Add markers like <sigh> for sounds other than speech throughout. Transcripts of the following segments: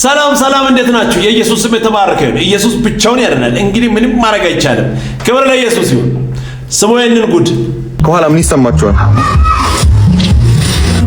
ሰላም ሰላም፣ እንዴት ናችሁ? የኢየሱስ ስም የተባረከ ይሁን። ኢየሱስ ብቻውን ያድናል። እንግዲህ ምንም ማድረግ አይቻልም። ክብር ለኢየሱስ ይሁን። ስሙ ይህንን ጉድ ከኋላ ምን ይሰማችኋል?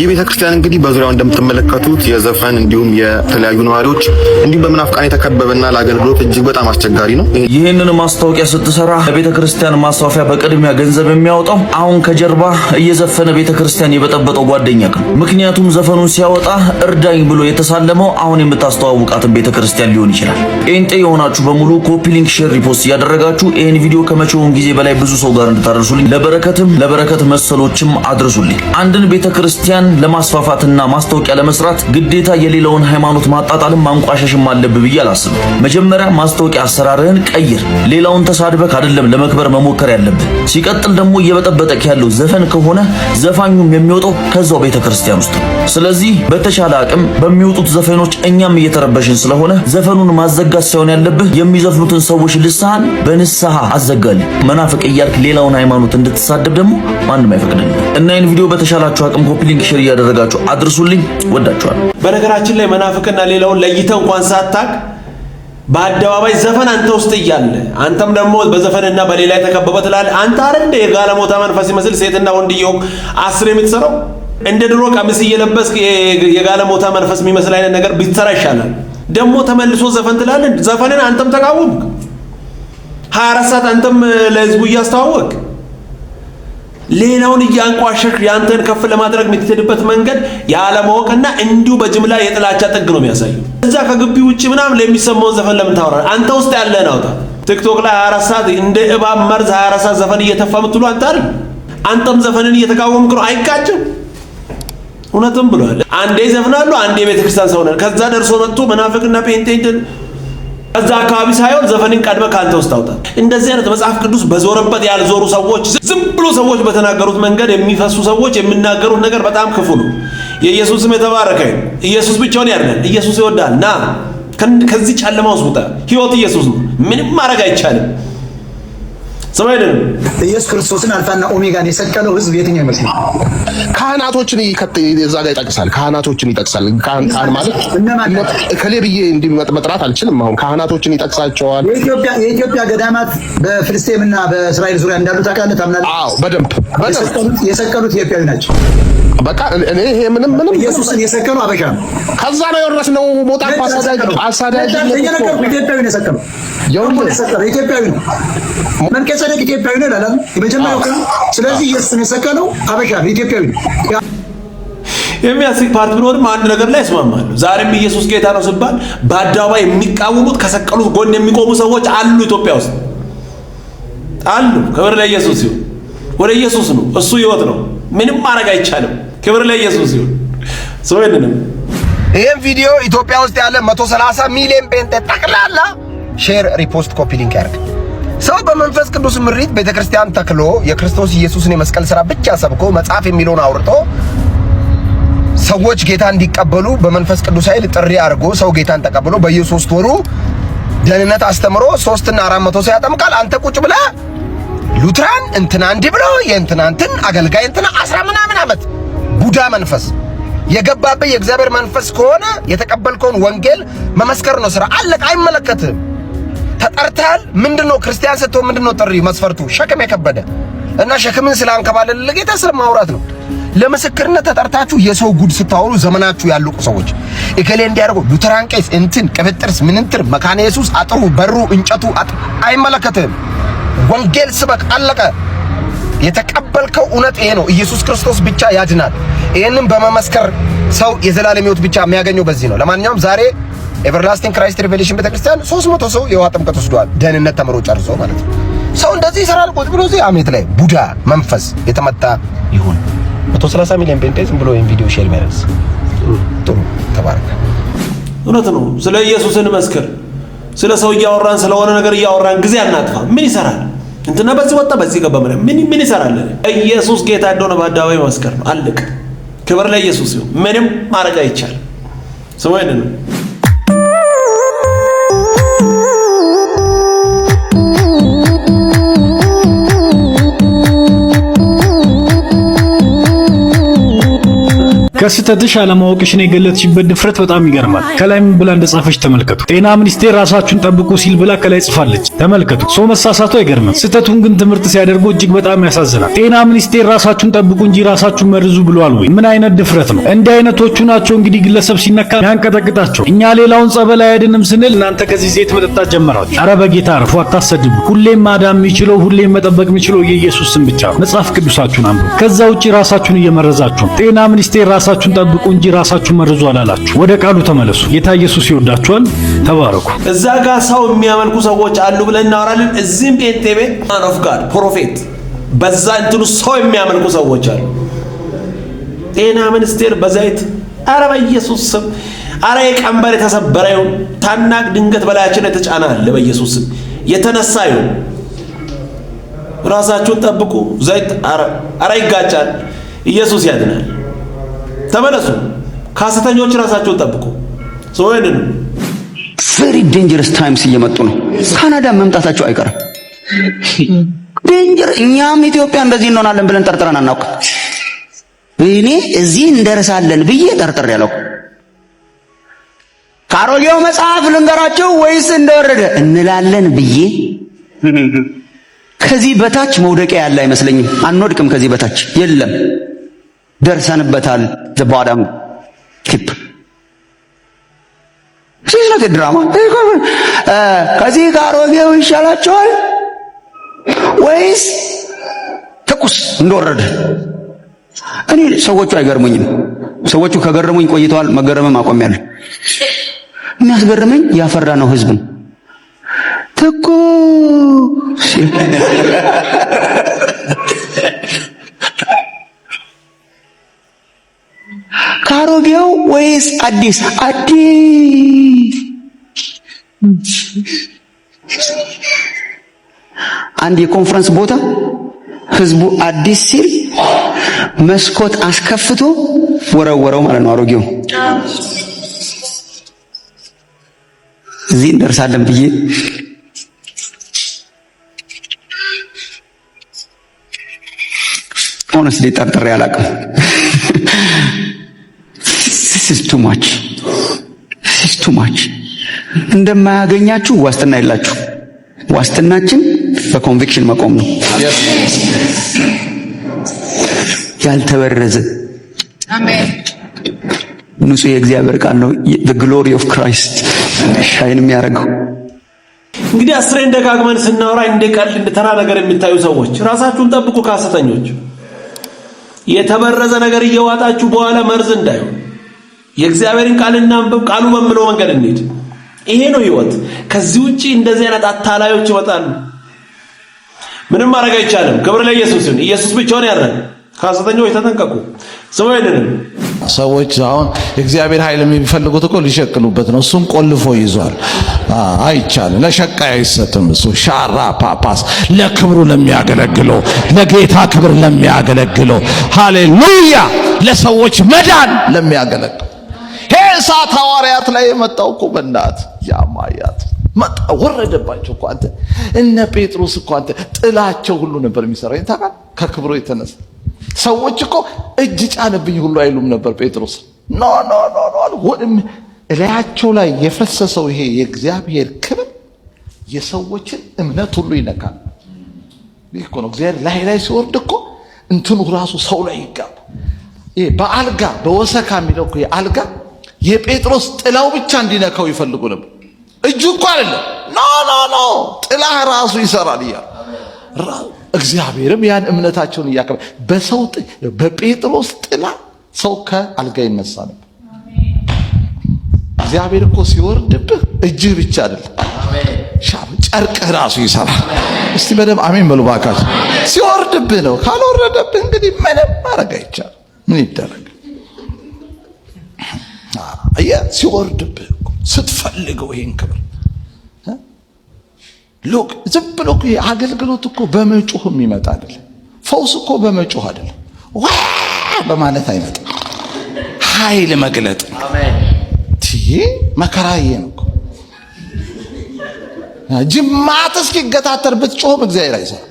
ይህ ቤተ እንግዲህ በዙሪያው እንደምትመለከቱት የዘፈን እንዲሁም የተለያዩ ነዋሪዎች እንዲሁም በምናፍቃን የተከበበና ለአገልግሎት እጅግ በጣም አስቸጋሪ ነው። ይህንን ማስታወቂያ ስትሰራ ለቤተክርስቲያን ክርስቲያን ማስፋፊያ በቅድሚያ ገንዘብ የሚያወጣው አሁን ከጀርባ እየዘፈነ ቤተክርስቲያን የበጠበጠው ጓደኛ ነው። ምክንያቱም ዘፈኑን ሲያወጣ እርዳኝ ብሎ የተሳለመው አሁን የምታስተዋውቃትን ቤተክርስቲያን ሊሆን ይችላል። ጴንጤ የሆናችሁ በሙሉ ኮፒ ሊንክ፣ ሼር፣ ሪፖስት እያደረጋችሁ ይህን ቪዲዮ ከመቼውም ጊዜ በላይ ብዙ ሰው ጋር እንድታደርሱልኝ ለበረከትም ለበረከት መሰሎችም አድርሱልኝ። አንድን ቤተክርስቲያን ለማስፋፋትና ማስታወቂያ ለመስራት ግዴታ የሌላውን ሃይማኖት ማጣጣልም ማንቋሸሽም አለብ ብዬ አላስብ። መጀመሪያ ማስታወቂያ አሰራርህን ቀይር። ሌላውን ተሳድበክ አይደለም ለመክበር መሞከር ያለብን። ሲቀጥል ደግሞ እየበጠበጠክ ያለው ዘፈን ከሆነ ዘፋኙም የሚወጣው ከዛው ቤተ ክርስቲያን ውስጥ። ስለዚህ በተሻለ አቅም በሚወጡት ዘፈኖች እኛም እየተረበሽን ስለሆነ ዘፈኑን ማዘጋት ሳይሆን ያለብህ የሚዘፍኑትን ሰዎች ልሳን በንስሐ አዘጋል። መናፍቅ እያልክ ሌላውን ሃይማኖት እንድትሳደብ ደግሞ ማንም አይፈቅድልን እና ይህን ቪዲዮ በተሻላችሁ አቅም ኮፒ ሊንክ ሼር እያደረጋችሁ አድርሱልኝ። ወዳችኋል። በነገራችን ላይ መናፍቅና ሌላውን ለይተህ እንኳን ሳታቅ በአደባባይ ዘፈን አንተ ውስጥ እያለ አንተም ደግሞ በዘፈንና በሌላ የተከበበ ትላለህ። አንተ እንደ የጋለሞታ መንፈስ ይመስል ሴትና ወንድ እየሆንክ አስር የምትሰራው እንደ ድሮ ቀሚስ እየለበስክ የጋለሞታ መንፈስ የሚመስል አይነት ነገር ቢሰራ ይሻላል። ደግሞ ተመልሶ ዘፈን ትላለህ። ዘፈንን አንተም ተቃወምክ፣ 24 ሰዓት አንተም ለህዝቡ እያስተዋወቅ ሌላውን እያንቋሸሽ ያንተን ከፍ ለማድረግ የምትሄድበት መንገድ ያለማወቅና እንዲሁ በጅምላ የጥላቻ ጥግ ነው የሚያሳዩ። እዛ ከግቢ ውጭ ምናምን ለሚሰማውን ዘፈን ለምን ታወራል? አንተ ውስጥ ያለህን አውጣ። ቲክቶክ ላይ 24 ሰዓት እንደ እባብ መርዝ 24 ሰዓት ዘፈን እየተፋ ምትሉ አንተ አይደል? አንተም ዘፈንን እየተቃወምክ ነው። አይጋጭም? እውነትም ብሏል። አንዴ ዘፍናሉ፣ አንዴ ቤተክርስቲያን ሰው ነን። ከዛ ደርሶ መጥቶ መናፍቅና ጴንጤ እዛ አካባቢ ሳይሆን ዘፈንን ቀድመ ከአንተ ውስጥ አውጣ። እንደዚህ አይነት መጽሐፍ ቅዱስ በዞረበት ያልዞሩ ሰዎች፣ ዝም ብሎ ሰዎች በተናገሩት መንገድ የሚፈሱ ሰዎች የሚናገሩት ነገር በጣም ክፉ ነው። የኢየሱስ ስም የተባረከ ኢየሱስ ብቻውን ያድናል። ኢየሱስ ይወዳል። ና ከዚህ ጨለማ ውስጥ ውጣ። ህይወት ኢየሱስ ነው። ምንም ማድረግ አይቻልም። ስም አይደለም። ኢየሱስ ክርስቶስን አልፋና ኦሜጋን የሰቀለው ህዝብ የትኛው ይመስላል? ካህናቶችን እዛ ጋር ይጠቅሳል። ካህናቶችን ይጠቅሳል። ካህን ማለት እከሌ ብዬ እንዲህ መጥራት አልችልም። አሁን ካህናቶችን ይጠቅሳቸዋል። የኢትዮጵያ ገዳማት በፍልስጤምና በእስራኤል ዙሪያ እንዳሉ ታውቃለህ፣ ታምናለህ? አዎ፣ በደንብ የሰቀሉት ኢትዮጵያዊ ናቸው። በቃ እኔ ይሄ ምንም ምንም ኢየሱስን የሰቀሉ አበሻ ነው። ከዛ ነው የወረስነው። ሞጣ አሳዳጅ አሳዳጅ ኢትዮጵያዊ ነው የሰቀለው። ኢትዮጵያዊ ነው መልከጼዴቅ ኢትዮጵያዊ ነው ይላል የመጀመሪያው ቀን። ስለዚህ ኢየሱስን የሰቀለው አበሻ ነው፣ ኢትዮጵያዊ ነው። የሚያስቅ ፓርት ቢኖርም አንድ ነገር ላይ እስማማለሁ። ዛሬም ኢየሱስ ጌታ ነው ሲባል በአደባባይ የሚቃወሙት ከሰቀሉት ጎን የሚቆሙ ሰዎች አሉ፣ ኢትዮጵያ ውስጥ አሉ። ክብር ለኢየሱስ ይሁን። ወደ ኢየሱስ ነው፣ እሱ ህይወት ነው። ምንም ማድረግ አይቻልም። ክብር ለኢየሱስ ይሁን። ሰው ይንንም ይህም ቪዲዮ ኢትዮጵያ ውስጥ ያለ 130 ሚሊዮን ጴንጤ ጠቅላላ ሼር፣ ሪፖስት፣ ኮፒ ሊንክ ያርግ። ሰው በመንፈስ ቅዱስ ምሪት ቤተ ክርስቲያን ተክሎ የክርስቶስ ኢየሱስን የመስቀል ሥራ ብቻ ሰብኮ መጽሐፍ የሚለውን አውርቶ ሰዎች ጌታ እንዲቀበሉ በመንፈስ ቅዱስ ኃይል ጥሪ አድርጎ ሰው ጌታን ተቀብሎ በየሶስት ወሩ ደህንነት አስተምሮ ሶስትና አራት መቶ ሰው ያጠምቃል። አንተ ቁጭ ብለህ ሉትራን እንትና እንዲህ ብሎ የእንትና እንትን አገልጋይ እንትና አስራ ምናምን ዓመት ቡዳ መንፈስ የገባበት የእግዚአብሔር መንፈስ ከሆነ የተቀበልከውን ወንጌል መመስከር ነው ስራ። አለቅ አይመለከትም። ተጠርተሃል። ምንድነው ክርስቲያን ስትሆን ምንድነው ጥሪ መስፈርቱ? ሸክም የከበደ እና ሸክምን ስላንከባለል ለጌታ ስለማውራት ነው። ለምስክርነት ተጠርታችሁ የሰው ጉድ ስታወሩ ዘመናችሁ ያለቁ ሰዎች እከሌ እንዲያደርጉ ሉተራን ቄስ እንትን ቅብጥርስ ምንንትር መካነ ኢየሱስ አጥሩ በሩ እንጨቱ አይመለከትም። ወንጌል ስበክ፣ አለቀ። የተቀበልከው እውነት ይሄ ነው። ኢየሱስ ክርስቶስ ብቻ ያድናል። ይህንም በመመስከር ሰው የዘላለም ሕይወት ብቻ የሚያገኘው በዚህ ነው። ለማንኛውም ዛሬ ኤቨርላስቲንግ ክራይስት ሪቬሌሽን ቤተክርስቲያን 300 ሰው የውሃ ጥምቀት ወስዷል። ደህንነት ተምሮ ጨርሶ ማለት ነው። ሰው እንደዚህ ይሰራል። ቁጭ ብሎ እዚህ አሜት ላይ ቡዳ መንፈስ የተመታ ይሁን 130 ሚሊዮን ጴንጤ ዝም ብሎ ይሄን ቪዲዮ ሼር የሚያደርስ ጥሩ ተባረከ። እውነት ነው። ስለ ኢየሱስ እንመስክር። ስለ ሰው እያወራን ስለሆነ ነገር እያወራን ጊዜ አናጥፋ። ምን ይሰራል? እንትና በዚህ ወጣ በዚህ ገባ ምን ምን ይሰራል? ኢየሱስ ጌታ እንደሆነ በአደባባይ መስከር ነው። አልቅ ክብር ለኢየሱስ ይሁን። ምንም ማድረግ አይቻልም። ስሙ ከስተትሽ አለማወቅሽን የገለጥሽበት ድፍረት በጣም ይገርማል። ከላይ ብላ እንደጻፈች ተመልከቱ። ጤና ሚኒስቴር ራሳችሁን ጠብቁ ሲል ብላ ከላይ ጽፋለች። ተመልከቱ። ሰው መሳሳቱ አይገርምም። ስህተቱን ግን ትምህርት ሲያደርጉ እጅግ በጣም ያሳዝናል። ጤና ሚኒስቴር ራሳችሁን ጠብቁ እንጂ ራሳችሁን መርዙ ብሏል ወይ? ምን አይነት ድፍረት ነው! እንዲህ አይነቶቹ ናቸው እንግዲህ ግለሰብ ሲነካ ያንቀጠቅጣቸው። እኛ ሌላውን ጸበል አያድንም ስንል እናንተ ከዚህ ዘይት መጠጣት ጀመራችሁ። አረ በጌታ አርፎ አታሰድቡ። ሁሌም ማዳን የሚችለው ሁሌም መጠበቅ የሚችለው የኢየሱስ ስም ብቻ ነው። መጽሐፍ ቅዱሳችሁን አንብቡ። ከዛ ውጭ ራሳችሁን እየመረዛችሁ ነው። ጤና ሚኒስቴር ራሳችሁን ጠብቁ እንጂ ራሳችሁን መርዙ አላላችሁ። ወደ ቃሉ ተመለሱ። ጌታ ኢየሱስ ይወዳችኋል። ተባረኩ። እዛ ጋር ሰው የሚያመልኩ ሰዎች አሉ ብለን እናወራለን። እዚህም ቤት ቤት ማን ኦፍ ጋድ ፕሮፌት በዛ እንትኑ ሰው የሚያመልኩ ሰዎች አሉ። ጤና ሚኒስቴር በዘይት አረ በኢየሱስ ስም አረ የቀንበር የተሰበረ ይሁን። ታናቅ ድንገት በላያችን የተጫነ አለ በኢየሱስ ስም የተነሳ ይሁን። ራሳችሁን ጠብቁ። ዘይት አረ ይጋጫል። ኢየሱስ ያድናል። ተመለሱ። ከሐሰተኞች ራሳችሁን ጠብቁ። ሰው ቬሪ ዴንጀረስ ታይምስ እየመጡ ነው። ካናዳ መምጣታቸው አይቀርም። ዴንጀር እኛም ኢትዮጵያ እንደዚህ እንሆናለን ብለን ጠርጥረን አናውቅም። እኔ እዚህ እንደርሳለን ብዬ ጠርጥር ያለው ካሮጌው መጽሐፍ ልንገራቸው ወይስ እንደወረደ እንላለን ብዬ ከዚህ በታች መውደቂያ ያለ አይመስለኝም። አንወድቅም። ከዚህ በታች የለም። ደርሰንበታል። ዘባዳም ኪፕ ማለት ድራማ ከዚህ ወገው ይሻላቸዋል ወይስ ትኩስ እንደወረደ? እኔ ሰዎቹ አይገርሙኝም። ሰዎቹ ከገረሙኝ ቆይተዋል። መገረምም አቆሚያለሁ። የሚያስገርመኝ ያፈራ ነው ህዝብ ነው። ትኩስ ወይስ አዲስ አዲስ አንድ የኮንፈረንስ ቦታ ህዝቡ አዲስ ሲል መስኮት አስከፍቶ ወረወረው ማለት ነው። አሮጌው እዚህ እንደርሳለን ብዬ ሆነስሊ ጠርጥሬ አላውቅም። ሲስቱማች <laughs> ማች እንደማያገኛችሁ ዋስትና የላችሁ። ዋስትናችን በኮንቪክሽን መቆም ነው። ያልተበረዘ ንጹህ የእግዚአብሔር ቃል ነው። ግሎሪ ኦፍ ክራይስት ሻይን የሚያደርገው እንግዲህ አስሬ እንደጋግመን ስናወራ እንደ ቀልድ እንደ ተራ ነገር የሚታዩ ሰዎች ራሳችሁን ጠብቁ ከሐሰተኞች። የተበረዘ ነገር እየዋጣችሁ በኋላ መርዝ እንዳይሆን የእግዚአብሔርን ቃል እናንብብ። ቃሉ በምለው መንገድ እንሂድ። ይሄ ነው ህይወት። ከዚህ ውጪ እንደዚህ አይነት አታላዮች ይወጣሉ። ምንም ማድረግ አይቻልም። ክብር ለኢየሱስ ይሁን። ኢየሱስ ብቻውን ያድናል። ከሐሰተኞች ተጠንቀቁ። ስሙ አይደለም ሰዎች አሁን እግዚአብሔር ኃይል የሚፈልጉት እኮ ሊሸቅሉበት ነው። እሱም ቆልፎ ይዟል። አይቻልም። ለሸቃይ አይሰጥም። እሱ ሻራ ፓፓስ ለክብሩ ለሚያገለግሎ ለጌታ ክብር ለሚያገለግሎ ሃሌሉያ፣ ለሰዎች መዳን ለሚያገለግሎ በእሳት ሐዋርያት ላይ የመጣው እኮ በእናት ያማያት መጣ ወረደባቸው እኮ አንተ እነ ጴጥሮስ እኮ አንተ ጥላቸው ሁሉ ነበር የሚሰራኝ ታውቃለህ። ከክብሮ የተነሳ ሰዎች እኮ እጅ ጫነብኝ ሁሉ አይሉም ነበር ጴጥሮስ ኖ ኖ ኖ ኖ እላያቸው ላይ የፈሰሰው ይሄ የእግዚአብሔር ክብር የሰዎችን እምነት ሁሉ ይነካል። ይህ እኮ ነው እግዚአብሔር ላይ ላይ ሲወርድ እኮ እንትኑ ራሱ ሰው ላይ ይጋባ። በአልጋ በወሰካ የሚለው አልጋ የጴጥሮስ ጥላው ብቻ እንዲነካው ይፈልጉ ነበር። እጁ እኮ አይደለም። ኖ ኖ ኖ ጥላህ ራሱ ይሰራል እያሉ እግዚአብሔርም ያን እምነታቸውን እያከበ በሰው በጴጥሮስ ጥላ ሰው ከአልጋ ይነሳ ነበር። እግዚአብሔር እኮ ሲወርድብህ እጅህ ብቻ አይደለም ጨርቅህ ራሱ ይሰራል። እስቲ በደምብ አሜን በሉ ባካችሁ። ሲወርድብህ ነው። ካልወረደብህ እንግዲህ ምንም ማድረግ አይቻልም። ምን ይደረግ? አየህ ሲወርድብህ ስትፈልገው ይሄን ክብር ሎክ ዝም ብሎ አገልግሎት እኮ በመጮህ የሚመጣ አይደለም። ፈውስ እኮ በመጮህ አይደለም፣ ዋ በማለት አይመጣም። ኃይል መግለጥ ትዬ መከራዬ ነው እኮ ጅማት እስኪገታተር ብትጮህም እግዚአብሔር አይሰራም።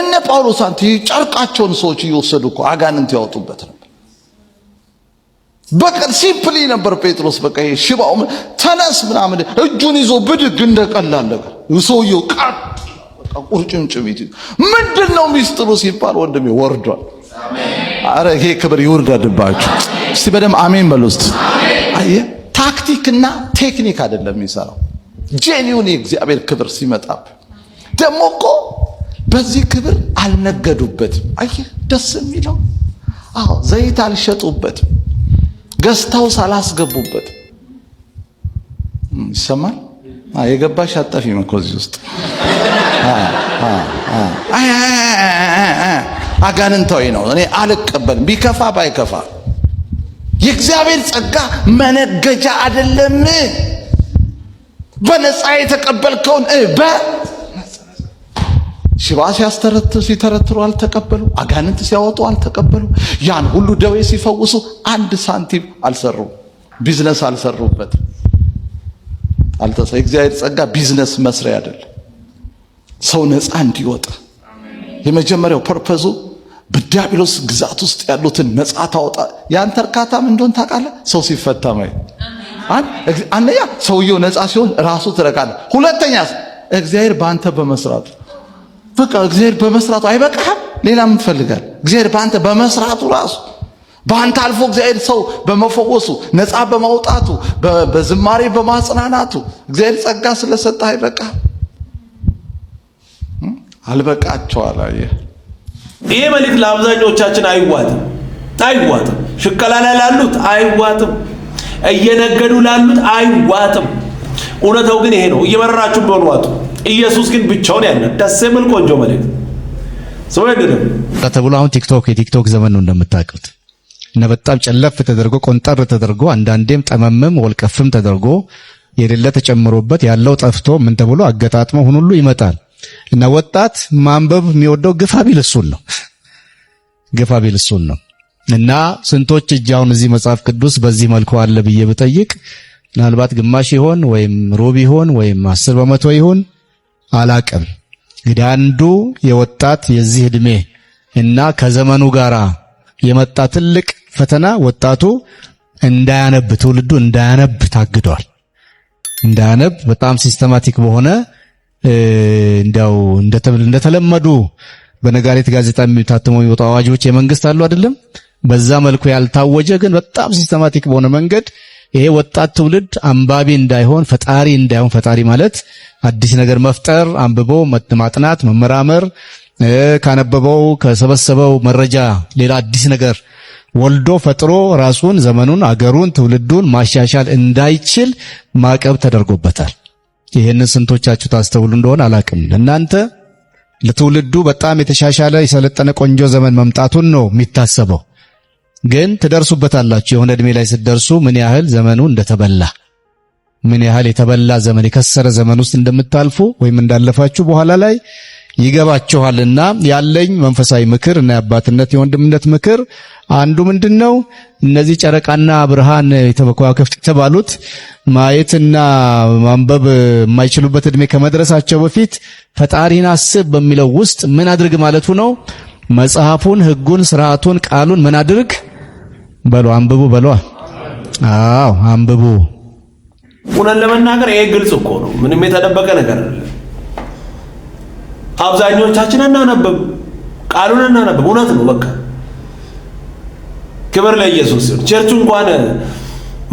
እነ ጳውሎስ አንተ ጨርቃቸውን ሰዎች እየወሰዱ እኮ አጋንንት ያወጡበት ነው። በቀል ሲምፕሊ ነበር ጴጥሮስ በቃ ሽባው ተነስ ምናምን እጁን ይዞ ብድግ እንደቀላል ነገር ሰውየው ቀጥ በቃ ቁርጭምጭሚት ምንድን ነው ሚስጥሩ ሲባል ወንድሜ ወርዷል። አረ ይሄ ክብር ይወርዳድባችሁ። እስቲ በደም አሜን በሉስት። አየህ ታክቲክና ቴክኒክ አይደለም የሚሰራው። ጄኒውን የእግዚአብሔር ክብር ሲመጣብ ደግሞ እኮ በዚህ ክብር አልነገዱበትም። አየ ደስ የሚለው አዎ ዘይት አልሸጡበትም። ገዝታው ሳላስገቡበት ይሰማል። የገባሽ አጠፊ መኮዚ ውስጥ አጋንንታዊ ነው። እኔ አልቀበልም፣ ቢከፋ ባይከፋ። የእግዚአብሔር ጸጋ መነገጃ አይደለም። በነፃ የተቀበልከውን በ ሽባ ሲተረትሩ አልተቀበሉ፣ አጋንንት ሲያወጡ አልተቀበሉ፣ ያን ሁሉ ደዌ ሲፈውሱ አንድ ሳንቲም አልሰሩ፣ ቢዝነስ አልሰሩበት። እግዚአብሔር ጸጋ ቢዝነስ መስሪያ አይደለም። ሰው ነፃ እንዲወጣ የመጀመሪያው ፐርፐዙ በዲያብሎስ ግዛት ውስጥ ያሉትን ነፃ ታወጣ። ያንተ እርካታም እንደሆን ታውቃለህ፣ ሰው ሲፈታ ማየት። አንደኛ ሰውየው ነፃ ሲሆን ራሱ ትረካለህ። ሁለተኛ እግዚአብሔር በአንተ በመስራቱ በቃ እግዚአብሔር በመስራቱ አይበቃ ሌላ ምን ትፈልጋል? እግዚአብሔር በአንተ በመስራቱ ራሱ በአንተ አልፎ እግዚአብሔር ሰው በመፈወሱ ነፃ በማውጣቱ በዝማሬ በማጽናናቱ እግዚአብሔር ጸጋ ስለሰጠህ አይበቃ አልበቃቸው አለ። ይሄ መልእክት ለአብዛኞቻችን አይዋጥም፣ አይዋጥም። ሽከላ ላይ ላሉት አይዋጥም፣ እየነገዱ ላሉት አይዋጥም። እውነታው ግን ይሄ ነው። እየመረራችሁ በሆኑ ኢየሱስ ግን ብቻውን ያለ ደስ የሚል ቆንጆ መልእክት ሰው አይደለም ከተብሎ አሁን ቲክቶክ የቲክቶክ ዘመን ነው እንደምታውቁት እና በጣም ጨለፍ ተደርጎ ቆንጠር ተደርጎ አንዳንዴም ጠመምም ወልቀፍም ተደርጎ የሌለ ተጨምሮበት ያለው ጠፍቶ ምን ተብሎ አገጣጥሞ ሁን ሁሉ ይመጣል እና ወጣት ማንበብ የሚወደው ግፋ ቢል እሱን ነው ግፋ ቢል እሱን ነው እና ስንቶች እጅ አሁን እዚህ መጽሐፍ ቅዱስ በዚህ መልኩ አለ ብዬ ብጠይቅ ምናልባት ግማሽ ይሆን ወይም ሩብ ይሆን ወይም አስር በመቶ ይሆን አላቅም። እንግዲህ አንዱ የወጣት የዚህ ዕድሜ እና ከዘመኑ ጋር የመጣ ትልቅ ፈተና ወጣቱ እንዳያነብ ትውልዱ እንዳያነብ ታግዷል። እንዳያነብ በጣም ሲስተማቲክ በሆነ እንዲያው እንደተለመዱ በነጋሪት ጋዜጣ የሚታተሙ የሚወጡ አዋጆች የመንግስት አሉ አይደለም። በዛ መልኩ ያልታወጀ ግን በጣም ሲስተማቲክ በሆነ መንገድ ይሄ ወጣት ትውልድ አንባቢ እንዳይሆን ፈጣሪ እንዳይሆን ፈጣሪ ማለት አዲስ ነገር መፍጠር፣ አንብቦ ማጥናት፣ መመራመር ካነበበው ከሰበሰበው መረጃ ሌላ አዲስ ነገር ወልዶ ፈጥሮ ራሱን፣ ዘመኑን፣ አገሩን፣ ትውልዱን ማሻሻል እንዳይችል ማዕቀብ ተደርጎበታል። ይህንን ስንቶቻችሁ ታስተውሉ እንደሆነ አላቅም። እናንተ ለትውልዱ በጣም የተሻሻለ የሰለጠነ ቆንጆ ዘመን መምጣቱን ነው የሚታሰበው። ግን ትደርሱበታላችሁ። የሆነ እድሜ ላይ ስትደርሱ ምን ያህል ዘመኑ እንደተበላ ምን ያህል የተበላ ዘመን የከሰረ ዘመን ውስጥ እንደምታልፉ ወይም እንዳለፋችሁ በኋላ ላይ ይገባችኋልና ያለኝ መንፈሳዊ ምክር እና የአባትነት የወንድምነት ምክር አንዱ ምንድን ነው? እነዚህ ጨረቃና ብርሃን የተከዋክብት የተባሉት ማየትና ማንበብ የማይችሉበት እድሜ ከመድረሳቸው በፊት ፈጣሪን አስብ በሚለው ውስጥ ምን አድርግ ማለቱ ነው። መጽሐፉን፣ ህጉን፣ ስርዓቱን፣ ቃሉን ምን አድርግ በሏ፣ አንብቡ በሏ። አዎ አንብቡ። እውነት ለመናገር ይሄ ግልጽ እኮ ነው። ምንም የተደበቀ ነገር አይደለም። አብዛኞቻችን እናነብብ፣ ቃሉን እናነብብ። እውነት ነው። በቃ ክብር ለኢየሱስ ይሁን። ቸርቹ እንኳን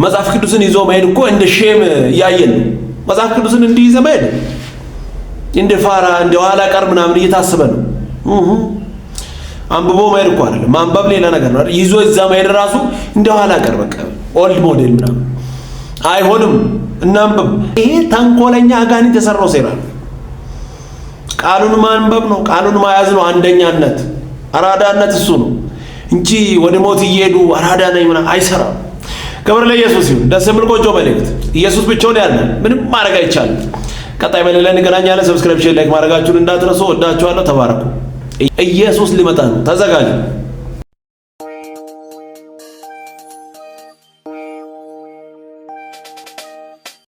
መጽሐፍ ቅዱስን ይዞ መሄድ እኮ እንደ ሼም እያየን ነው። መጽሐፍ ቅዱስን እንዲህ ይዘህ መሄድ እንደ ፋራ እንደ ኋላ ቀር ምናምን እየታሰበ ነው። አንብቦ ማየድ እኮ አይደለም፣ ማንበብ ሌላ ነገር ነው። ይዞ እዛ ማየድ ራሱ እንደኋላ ቀር በቃ ኦልድ ሞዴል ምናምን አይሆንም። እናንብብ። ይሄ ተንኮለኛ አጋንንት የሰራው ሴራ ነው። ቃሉን ማንበብ ነው፣ ቃሉን መያዝ ነው። አንደኛነት፣ አራዳነት እሱ ነው እንጂ ወደ ሞት እየሄዱ አራዳ ነኝ ምናምን አይሰራም። ክብር ለኢየሱስ ይሁን። ደስ የሚል ቆንጆ መልእክት። ኢየሱስ ብቻውን ያለ ምንም ማድረግ አይቻልም። ቀጣይ በሌላ እንገናኛለን። ሰብስክሪፕሽን፣ ላይክ ማድረጋችሁን እንዳትረሱ። ወዳችኋለሁ። ተባረኩ። ኢየሱስ ሊመጣ ነው፣ ተዘጋጁ።